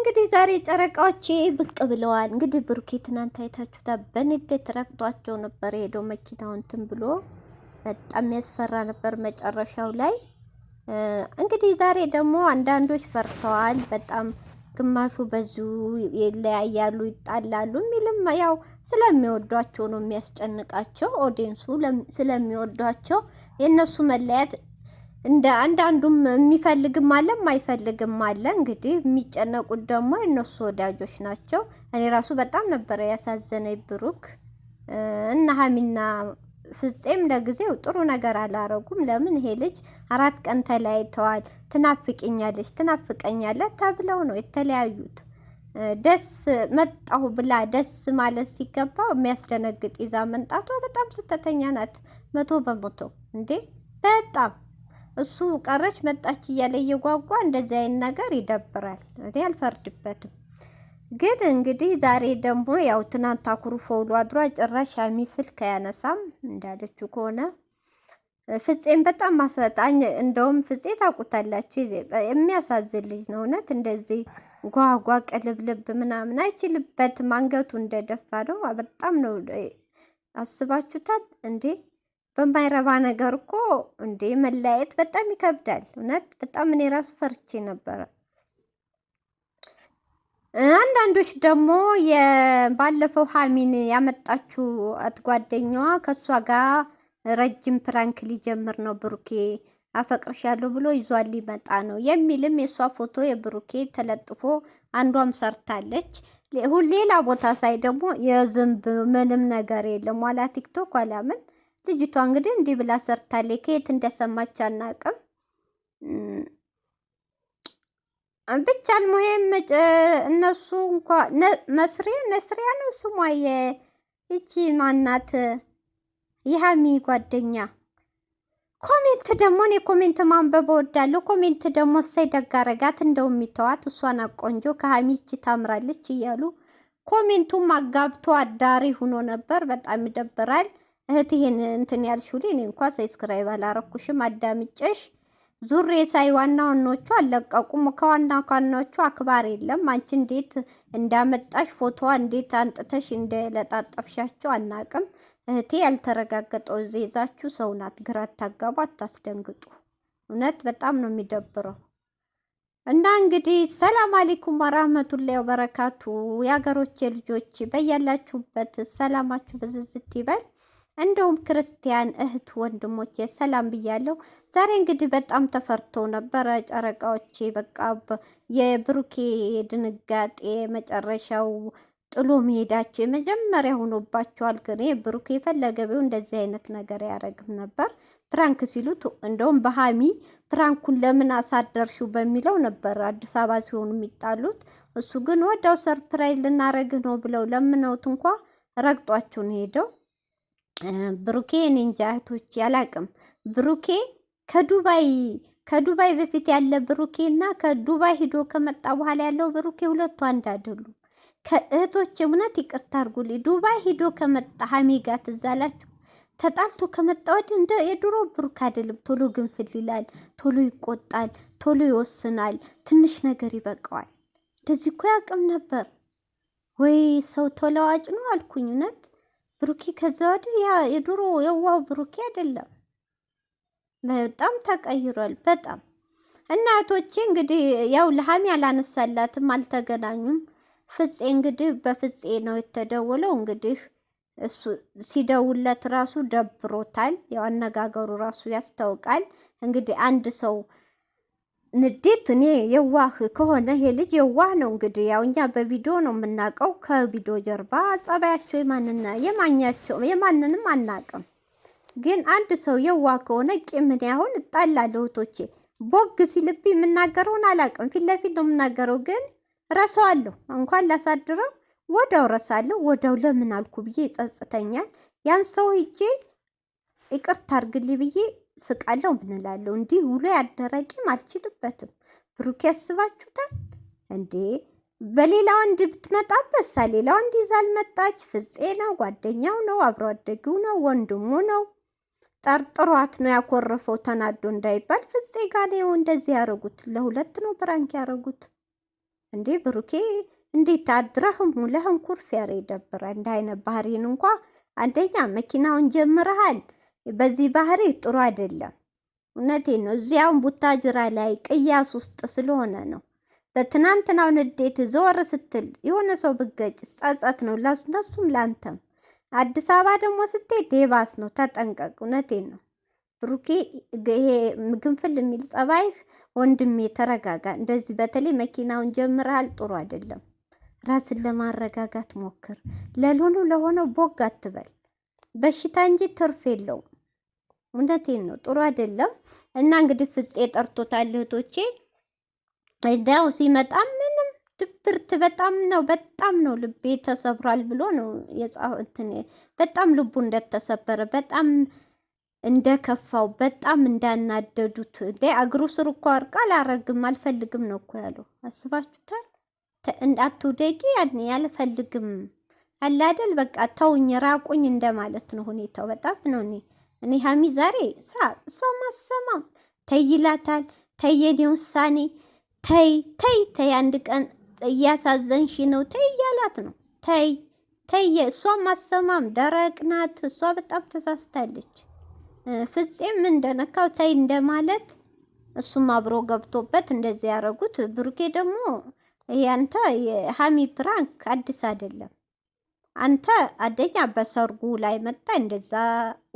እንግዲህ ዛሬ ጨረቃዎቼ ብቅ ብለዋል። እንግዲህ ብሩኬ ትናንት አይታችሁታ በንዴት ረግጧቸው ነበር የሄደው መኪናውን እንትን ብሎ በጣም ያስፈራ ነበር መጨረሻው ላይ። እንግዲህ ዛሬ ደግሞ አንዳንዶች ፈርተዋል በጣም ግማሹ በዙ ይለያያሉ፣ ይጣላሉ የሚልም ያው ስለሚወዷቸው ነው የሚያስጨንቃቸው። ኦዲንሱ ስለሚወዷቸው የእነሱ መለያት እንደ አንዳንዱም የሚፈልግም አለ የማይፈልግም አለ። እንግዲህ የሚጨነቁት ደግሞ የነሱ ወዳጆች ናቸው። እኔ ራሱ በጣም ነበረ ያሳዘነኝ ብሩክ እና ሀሚና ፍፄም ለጊዜው ጥሩ ነገር አላረጉም። ለምን ይሄ ልጅ አራት ቀን ተለያይተዋል። ትናፍቅኛለች፣ ትናፍቀኛለች ተብለው ነው የተለያዩት። ደስ መጣሁ ብላ ደስ ማለት ሲገባ የሚያስደነግጥ ይዛ መምጣቷ በጣም ስተተኛ ናት። መቶ በመቶ እንዴ በጣም እሱ ቀረች መጣች እያለ እየጓጓ እንደዚህ አይነት ነገር ይደብራል። እኔ አልፈርድበትም። ግን እንግዲህ ዛሬ ደግሞ ያው ትናንት አኩርፎ ውሎ አድሯ ጭራሽ ሻሚ ስልክ አያነሳም እንዳለችው ከሆነ ፍጼም በጣም ማሰጣኝ። እንደውም ፍጼ ታውቁታላችሁ፣ የሚያሳዝን ልጅ ነው እውነት። እንደዚህ ጓጓ ቅልብልብ ምናምን አይችልበትም። አንገቱ እንደደፋ ነው። በጣም ነው አስባችሁታል እንዴ? በማይረባ ነገር እኮ እንዴ መለያየት በጣም ይከብዳል። እውነት በጣም እኔ ራሱ ፈርቼ ነበረ። አንዳንዶች ደግሞ ባለፈው ሀሚን ያመጣችው ጓደኛዋ ከእሷ ጋር ረጅም ፕራንክ ሊጀምር ነው ብሩኬ አፈቅርሻለሁ ብሎ ይዟል ሊመጣ ነው የሚልም የእሷ ፎቶ የብሩኬ ተለጥፎ አንዷም ሰርታለች። ሌላ ቦታ ሳይ ደግሞ የዝንብ ምንም ነገር የለም ዋላ ቲክቶክ ዋላ ምን ልጅቷ እንግዲህ እንዲህ ብላ ሰርታለች። ከየት እንደሰማች አናቅም። ብቻ አልሙሄም እነሱ እንኳ መስሪያ ነስሪያ ነው ስሟ ይቺ ማናት የሀሚ ጓደኛ ኮሜንት ደግሞ እኔ ኮሜንት ማንበብ እወዳለሁ። ኮሜንት ደግሞ እሰይ ደግ አረጋት እንደው የሚተዋት እሷን ቆንጆ ከሀሚ ይቺ ታምራለች እያሉ ኮሜንቱም አጋብቶ አዳሪ ሆኖ ነበር። በጣም ይደብራል። እህት ይሄን እንትን ያልሽው እኔ እንኳ ሰብስክራይብ አላረኩሽም። አዳምጨሽ ዙሬ ሳይ ዋና ዋናዎቹ አለቀቁም። ከዋና ዋናዎቹ አክባር የለም። አንቺ እንዴት እንዳመጣሽ ፎቶዋ እንዴት አንጥተሽ እንደለጣጠፍሻቸው አናቅም። እህቴ ያልተረጋገጠው ዜዛችሁ ሰው ናት። ግራ አታጋቡ፣ አታስደንግጡ። እውነት በጣም ነው የሚደብረው። እና እንግዲህ ሰላም አሌይኩም ወራህመቱላሂ ወበረካቱ። የሀገሮቼ ልጆች በያላችሁበት ሰላማችሁ ብዝዝት ይበል። እንደውም ክርስቲያን እህት ወንድሞቼ ሰላም ብያለሁ። ዛሬ እንግዲህ በጣም ተፈርቶ ነበረ ጨረቃዎቼ። በቃ የብሩኬ ድንጋጤ መጨረሻው ጥሎ መሄዳቸው የመጀመሪያ ሆኖባቸዋል። ግን ብሩኬ የፈለገ ቢሆን እንደዚህ አይነት ነገር ያደረግም ነበር። ፕራንክ ሲሉት እንደውም በሀሚ ፕራንኩን ለምን አሳደርሹ በሚለው ነበር አዲስ አበባ ሲሆኑ የሚጣሉት። እሱ ግን ወዳው ሰርፕራይዝ ልናረግህ ነው ብለው ለምነውት እንኳ ረግጧቸውን ሄደው ብሩኬ እንጃ እህቶች አላቅም። ብሩኬ ከዱባይ ከዱባይ በፊት ያለ ብሩኬ እና ከዱባይ ሂዶ ከመጣ በኋላ ያለው ብሩኬ ሁለቱ አንድ አይደሉም። ከእህቶች እውነት ይቅርታ አድርጉልኝ። ዱባይ ሂዶ ከመጣ ሀሚጋ ትዛላችሁ ተጣልቶ ከመጣ ወዲህ እንደ የድሮ ብሩክ አይደለም። ቶሎ ግንፍል ይላል፣ ቶሎ ይቆጣል፣ ቶሎ ይወስናል። ትንሽ ነገር ይበቃዋል። እንደዚህ እኮ ያቅም ነበር ወይ ሰው ተለዋጭ ነው አልኩኝ እውነት ብሩኬ ከዛ ወዲህ ያ የድሮ የዋው ብሩኬ አይደለም። በጣም ተቀይሯል። በጣም እናቶቼ እንግዲህ ያው ለሀሚ አላነሳላትም፣ አልተገናኙም። ፍፄ እንግዲህ በፍፄ ነው የተደወለው። እንግዲህ እሱ ሲደውለት ራሱ ደብሮታል። ያው አነጋገሩ ራሱ ያስታውቃል። እንግዲህ አንድ ሰው ንዴት እኔ የዋህ ከሆነ ይሄ ልጅ የዋህ ነው። እንግዲህ ያው እኛ በቪዲዮ ነው የምናውቀው። ከቪዲዮ ጀርባ ጸባያቸው የማንና የማኛቸው የማንንም አናውቅም። ግን አንድ ሰው የዋህ ከሆነ ቂምን ያሁን እጣላለሁ። እህቶቼ ቦግ ሲልብ የምናገረውን አላውቅም። ፊት ለፊት ነው የምናገረው፣ ግን ረሰዋለሁ። እንኳን ላሳድረው ወዳው ረሳለሁ። ወዳው ለምን አልኩ ብዬ ይጸጽተኛል። ያን ሰው ሂጄ ይቅርታ አድርግልኝ ብዬ ስቃለው ምንላለው እንዲህ ውሎ ያደረቂም አልችልበትም። ብሩኬ ያስባችሁታል እንዴ? በሌላ ወንድ ብትመጣበት ሳ ሌላ ወንድ ይዛ አልመጣች። ፍፄ ነው፣ ጓደኛው ነው፣ አብሮ አደጊው ነው፣ ወንድሙ ነው። ጠርጥሯት ነው ያኮረፈው ተናዶ እንዳይባል። ፍፄ ጋር ነው እንደዚህ ያረጉት። ለሁለት ነው ብራንክ ያረጉት። እንዴ ብሩኬ እንዴት አድረህም ውለህም ኩርፍ ያሬ ደብረ እንዳይነ ባህሪን እንኳ አንደኛ መኪናውን ጀምረሃል በዚህ ባህሪ ጥሩ አይደለም። እውነቴ ነው። እዚያውን ቡታጅራ ላይ ቅያስ ውስጥ ስለሆነ ነው። በትናንትናው ንዴት ዘወር ስትል የሆነ ሰው ብገጭ ጸጸት ነው ለነሱም ለአንተም። አዲስ አበባ ደግሞ ስትሄድ ቴባስ ነው። ተጠንቀቅ። እውነቴ ነው ብሩኬ። ይሄ ግንፍል የሚል ጸባይህ ወንድሜ፣ ተረጋጋ። እንደዚህ በተለይ መኪናውን ጀምረሃል፣ ጥሩ አይደለም። ራስን ለማረጋጋት ሞክር። ለልሆኑ ለሆነው ቦግ አትበል። በሽታ እንጂ ትርፍ የለውም። እውነቴን ነው፣ ጥሩ አይደለም። እና እንግዲህ ፍፄ ጠርቶታል እህቶቼ። እዳው ሲመጣ ምንም ድብርት በጣም ነው በጣም ነው ልቤ ተሰብሯል ብሎ ነው የጻፈው። በጣም ልቡ እንደተሰበረ በጣም እንደከፋው በጣም እንዳናደዱት እንደ እግሩ ስር እኮ አርቃ አላረግም አልፈልግም ነው እኮ ያለው። አስባችሁታል? አትውደቂ አልፈልግም አላደል በቃ ተውኝ ራቁኝ እንደማለት ነው ሁኔታው። በጣም ነው እኔ እኔ ሀሚ ዛሬ ሳ እሷ ማሰማም ተይላታል። ተየኔ ውሳኔ ተይ ተይ ተይ፣ አንድ ቀን እያሳዘንሽ ነው ተይ እያላት ነው። ተይ ተየ እሷ ማሰማም ደረቅ ናት። እሷ በጣም ተሳስታለች። ፍጼም እንደነካው ተይ እንደማለት እሱም አብሮ ገብቶበት እንደዚህ ያደረጉት። ብሩኬ ደግሞ ያንተ የሀሚ ፕራንክ አዲስ አይደለም። አንተ አደኛ በሰርጉ ላይ መጣ እንደዛ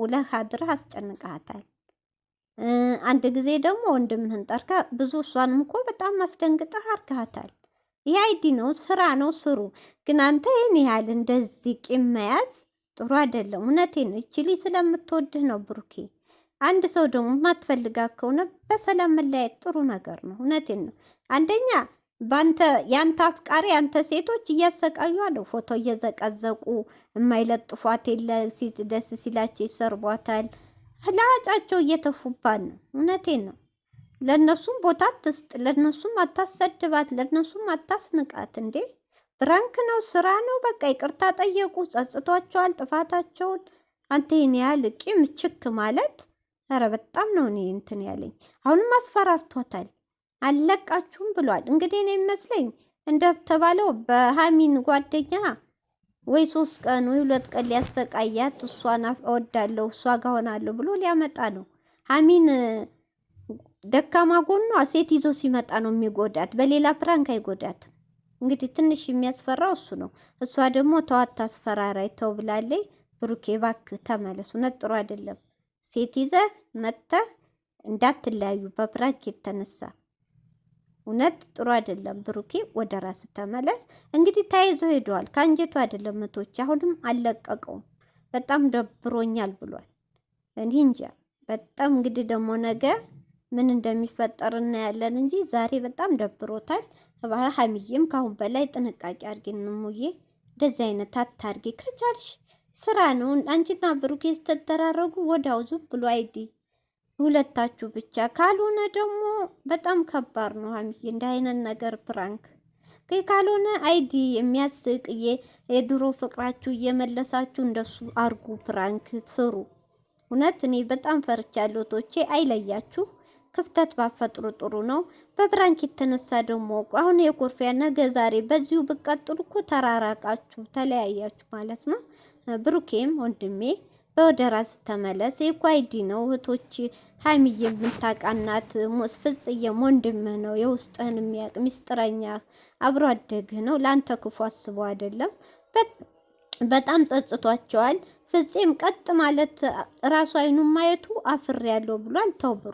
ውለህ አድረህ አስጨንቃታል። አንድ ጊዜ ደግሞ ወንድምህን ጠርካ ብዙ እሷንም እኮ በጣም አስደንግጠህ አርካታል። ይህ አይዲ ነው ስራ ነው ስሩ። ግን አንተ ይህን ያህል እንደዚህ ቂም መያዝ ጥሩ አይደለም። እውነቴ ነው። ይችሊ ስለምትወድህ ነው ብሩኬ። አንድ ሰው ደግሞ ማትፈልጋ ከሆነ በሰላም መለያየት ጥሩ ነገር ነው። እውነቴን ነው። አንደኛ ባንተ ያንተ አፍቃሪ ያንተ ሴቶች እያሰቃዩ አለው። ፎቶ እየዘቀዘቁ የማይለጥፏት የለ ሴት ደስ ሲላቸው ይሰርቧታል። ለአጫቸው እየተፉባን ነው። እውነቴን ነው። ለእነሱም ቦታ ትስጥ ለእነሱም አታሰድባት፣ ለእነሱም አታስንቃት። እንዴ ብራንክ ነው፣ ስራ ነው። በቃ ይቅርታ ጠየቁ፣ ጸጽቷቸዋል ጥፋታቸውን። አንተ ይህን ያህል ቂም ችክ ማለት ኧረ በጣም ነው እኔ እንትን ያለኝ። አሁንም አስፈራርቷታል። አለቃችሁም ብሏል። እንግዲህ እኔ የሚመስለኝ እንደተባለው በሀሚን ጓደኛ ወይ ሶስት ቀን ወይ ሁለት ቀን ሊያሰቃያት እሷን እወዳለሁ እሷ ጋር ሆናለሁ ብሎ ሊያመጣ ነው። ሀሚን ደካማ ጎኗ ሴት ይዞ ሲመጣ ነው የሚጎዳት፣ በሌላ ፕራንክ አይጎዳትም። እንግዲህ ትንሽ የሚያስፈራው እሱ ነው። እሷ ደግሞ ተዋት አስፈራራይ ተው ብላለይ። ብሩኬ እባክህ ተመለሱ፣ ነጥሩ አይደለም። ሴት ይዘህ መጥተህ እንዳትለያዩ በፕራንክ የተነሳ እውነት ጥሩ አይደለም። ብሩኬ ወደ ራስ ተመለስ። እንግዲህ ተያይዞ ሄደዋል። ከአንጀቱ አይደለም መቶች አሁንም አልለቀቀውም። በጣም ደብሮኛል ብሏል። እኔ እንጃ በጣም እንግዲህ ደግሞ ነገ ምን እንደሚፈጠር እናያለን እንጂ ዛሬ በጣም ደብሮታል። ሀሚዬም ካሁን በላይ ጥንቃቄ አድርጊ እንሙዬ፣ እንደዚህ አይነት አታርጊ። ከቻልሽ ስራ ነው አንቺና ብሩኬ ስትደራረጉ ወዳው ዝም ብሎ አይዲ ሁለታችሁ ብቻ ካልሆነ ደግሞ በጣም ከባድ ነው። ሀሚዬ እንደ አይነት ነገር ፕራንክ ካልሆነ አይዲ የሚያስቅ የድሮ ፍቅራችሁ እየመለሳችሁ እንደሱ አርጉ፣ ፕራንክ ስሩ። እውነት እኔ በጣም ፈርቻለሁ። ቶቼ አይለያችሁ፣ ክፍተት ባፈጥሩ ጥሩ ነው። በፕራንክ የተነሳ ደግሞ አሁን የኮርፊያ ነገ ዛሬ በዚሁ ብቀጥሉ እኮ ተራራቃችሁ፣ ተለያያችሁ ማለት ነው። ብሩኬም ወንድሜ በወደራ ስተመለስ የኳይዲ ነው እህቶች ሀይሚዬ የምታቃናት ፍጽዬም ወንድምህ ነው። የውስጥህን የሚያውቅ ሚስጥረኛ አብሮ አደግህ ነው። ለአንተ ክፉ አስቦ አይደለም። በጣም ጸጽቷቸዋል። ፍጽም ቀጥ ማለት ራሱ አይኑ ማየቱ አፍሬ ያለው ብሏል። ተው ብሩ